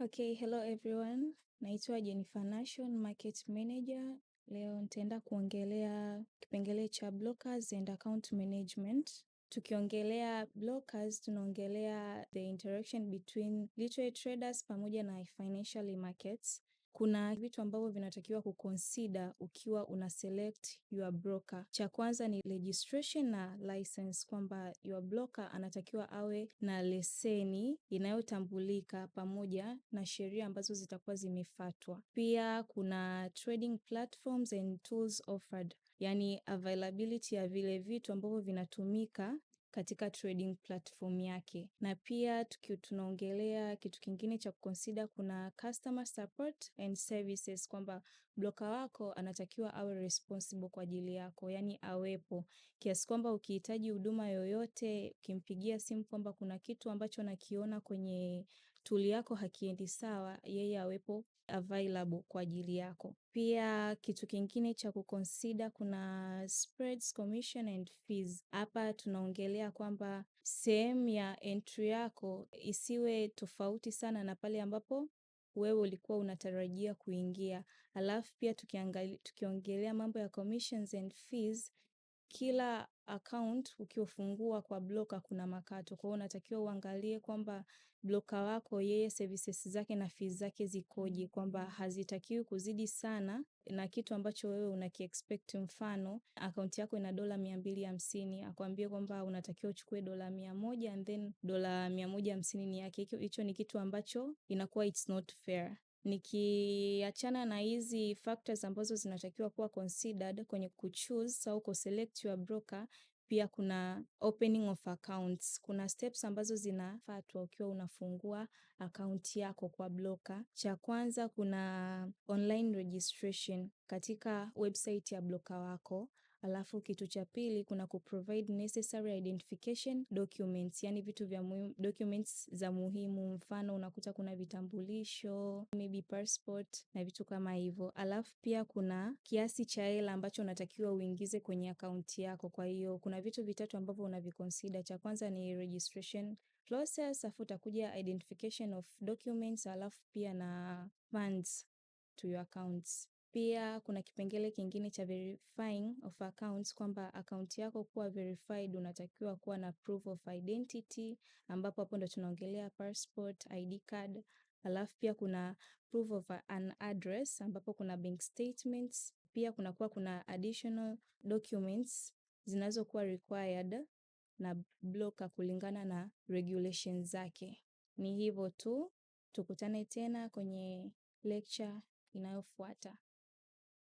Okay, hello everyone. Naitwa Jennifer Nation, Market Manager. Leo nitaenda kuongelea kipengele cha blockers and account management. Tukiongelea blockers, tunaongelea the interaction between literate traders pamoja na financial markets kuna vitu ambavyo vinatakiwa kuconsider ukiwa una select your broker. Cha kwanza ni registration na license, kwamba your broker anatakiwa awe na leseni inayotambulika pamoja na sheria ambazo zitakuwa zimefatwa Pia kuna trading platforms and tools offered, yani availability ya vile vitu ambavyo vinatumika katika trading platform yake. Na pia tukiwa tunaongelea kitu kingine cha kukonsida kuna customer support and services, kwamba bloka wako anatakiwa awe responsible kwa ajili yako, yani awepo kiasi kwamba ukihitaji huduma yoyote, ukimpigia simu kwamba kuna kitu ambacho nakiona kwenye tuli yako hakiendi sawa, yeye awepo available kwa ajili yako. Pia kitu kingine cha kukonsida, kuna spreads, commission and fees. Hapa tunaongelea kwamba sehemu ya entry yako isiwe tofauti sana na pale ambapo wewe ulikuwa unatarajia kuingia. Alafu pia tukiongelea mambo ya commissions and fees, kila account ukiofungua kwa bloka kuna makato. Kwa hiyo unatakiwa uangalie kwamba bloka wako yeye services zake na fees zake zikoje, mm-hmm. kwamba hazitakiwi kuzidi sana na kitu ambacho wewe unakiexpect. Mfano akaunti yako ina dola mia mbili hamsini akwambie kwamba unatakiwa uchukue dola mia moja and then dola mia moja hamsini ni yake. Hicho ni kitu ambacho inakuwa it's not fair. Nikiachana na hizi factors ambazo zinatakiwa kuwa considered kwenye kuchoose au kuselect your broker, pia kuna opening of accounts. Kuna steps ambazo zinafuatwa ukiwa unafungua akaunti yako kwa broker. Cha kwanza kuna online registration katika website ya broker wako. Alafu kitu cha pili kuna ku provide necessary identification documents, yani vitu vya muhimu, documents za muhimu. Mfano unakuta kuna vitambulisho, maybe passport na vitu kama hivyo. Alafu pia kuna kiasi cha hela ambacho unatakiwa uingize kwenye akaunti yako. Kwa hiyo kuna vitu vitatu ambavyo unaviconsider. Cha kwanza ni registration process, afu utakuja identification of documents, alafu pia na funds to your accounts. Pia kuna kipengele kingine cha verifying of accounts kwamba akaunti yako kuwa verified unatakiwa kuwa na proof of identity, ambapo hapo ndo tunaongelea passport, ID card, alafu pia kuna proof of an address ambapo kuna bank statements, pia kuna kuwa kuna additional documents zinazokuwa required na blocker kulingana na regulations zake. Ni hivyo tu, tukutane tena kwenye lecture inayofuata.